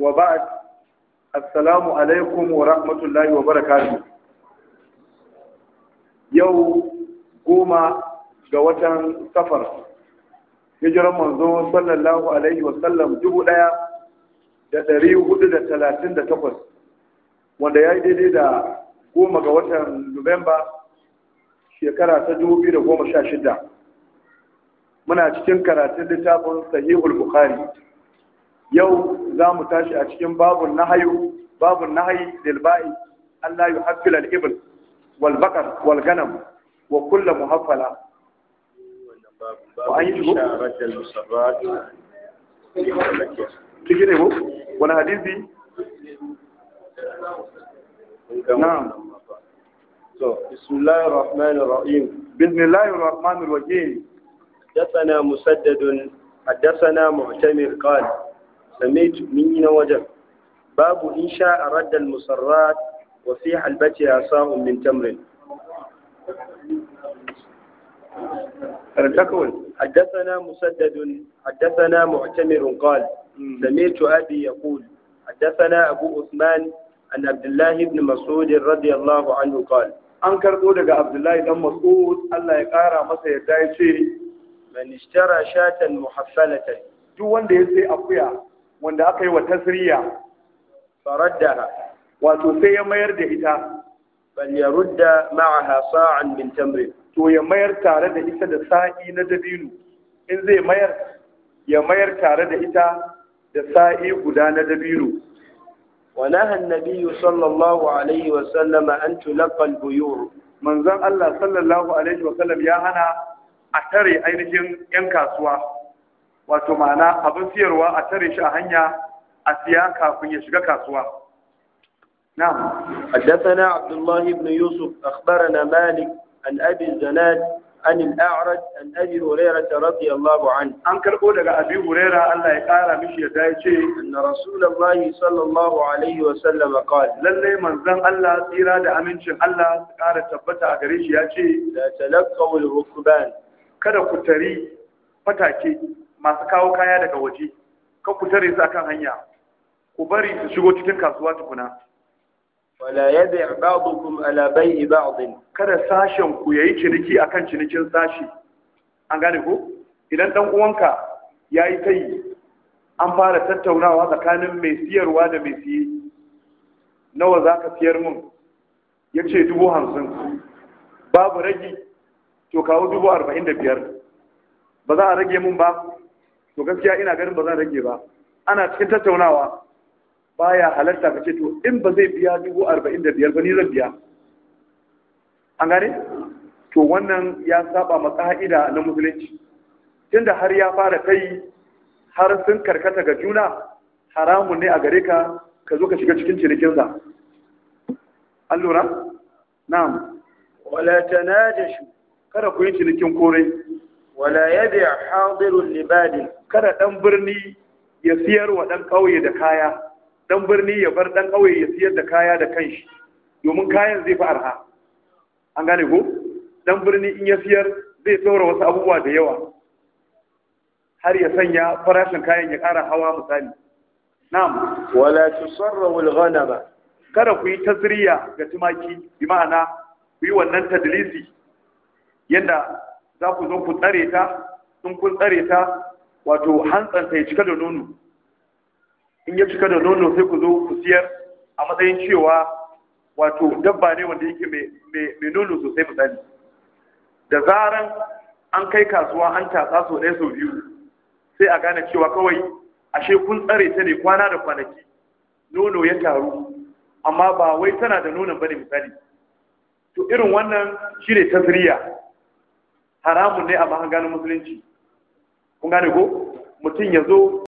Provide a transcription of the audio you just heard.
wa ba'd assalamu alaikum wa rahmatullahi wa barakatuh yau goma ga watan safar hijiran manzo sallallahu alaihi wa sallam dubu daya da dari hudu da talatin da takwas wanda ya yi daidai da goma ga watan nuwamba shekara ta dubu biyu da goma sha shida muna cikin karatun littafin sahihul bukhari يو زام تاشي أشكين باب النهي باب النهي للبائي ألا يحفل الإبل والبقر والغنم وكل مهفلة وأن يجبو تجيني بو وانا حديث دي نعم بسم الله الرحمن الرحيم بسم الله الرحمن الرحيم حدثنا مسدد حدثنا معتمر قال سميت مين وجه باب إن شاء رد المصرات وفي حلبتها صاع من تمر حدثنا مسدد حدثنا معتمر قال سمعت أبي يقول حدثنا أبو عثمان عن عبد الله بن مسعود رضي الله عنه قال أنكر قولك عبد الله بن مسعود الله يقارى مسا يدعي من اشترى شاة محفلة duk وند يسي sai wanda aka yi wa tasiriya faradda wato sai ya mayar da ita bal yarudda ma'aha sa'an min tamr to ya mayar tare da ita da sa'i na dabino in zai mayar ya mayar tare da ita da sa'i guda na dabino ونهى النبي صلى الله عليه وسلم أن تلقى البيوع من زم الله صلى الله عليه وسلم a هنا أتري 'yan kasuwa. wato ma'ana abin siyarwa a tare shi a hanya a siya kafin ya shiga kasuwa na'am haddathana abdullah ibn yusuf akhbarana malik an abi zanad an al-a'raj an abi hurairah radiyallahu anhu an karbo daga abi hurairah Allah ya kara mishi yadda ya ce anna rasulullahi sallallahu alaihi wa sallam qala lalle manzon Allah tsira da amincin Allah su kara tabbata a gare shi ya ce la talaqaw al-rukban kada ku tari fatake masu kawo kaya daga waje kan ku tare su akan hanya ku bari su shigo cikin kasuwa tukuna wala yabi' ba'dukum ala bai'i ba'd kada sashen ku yayi ciniki akan cinikin sashi an gane ko idan dan uwanka yayi kai, an fara tattaunawa tsakanin mai siyarwa da mai siye nawa zaka siyar mun yace dubu hamsin babu ragi to kawo dubu arba'in da biyar ba za a rage mun ba to gaskiya ina ganin ba zan rage ba ana cikin tattaunawa baya halarta ka ce to in ba zai biya dubu arba'in da biyar ba ni zan biya an gane to wannan ya saba ma ka'ida na musulunci tunda har ya fara kai har sun karkata ga juna haramun ne a gare ka ka zo ka shiga cikin cinikinsa an lura na'am wala tanajashu kada ku yi cinikin kore wala yabi hadirul libadin kada ɗan birni ya siyar wa ɗan ƙauye da kaya ɗan birni ya bar ɗan ƙauye ya siyar da kaya da kanshi domin kayan zai fi arha an gane ko ɗan birni in ya siyar zai saura wasu abubuwa da yawa har ya sanya farashin kayan ya ƙara hawa misali na'am wala tusarrahu al-ghanama kada ku yi tasriya ga tumaki bi ma'ana ku yi wannan tadlisi yadda za ku zo ku tsare ta in kun tsare ta wato hantsanta ya cika da nono in ya cika da nono sai ku zo ku siyar a matsayin cewa wato dabba ne wanda yake mai nono sosai misali da zaran an kai kasuwa an tatsa sau ɗaya sau biyu sai a gane cewa kawai ashe kun tsare ta ne kwana da kwanaki nono ya taru amma ba wai tana da nonon bane misali to irin wannan shi ne tasiriya haramun ne a mahanganin musulunci kun gane ko mutum ya zo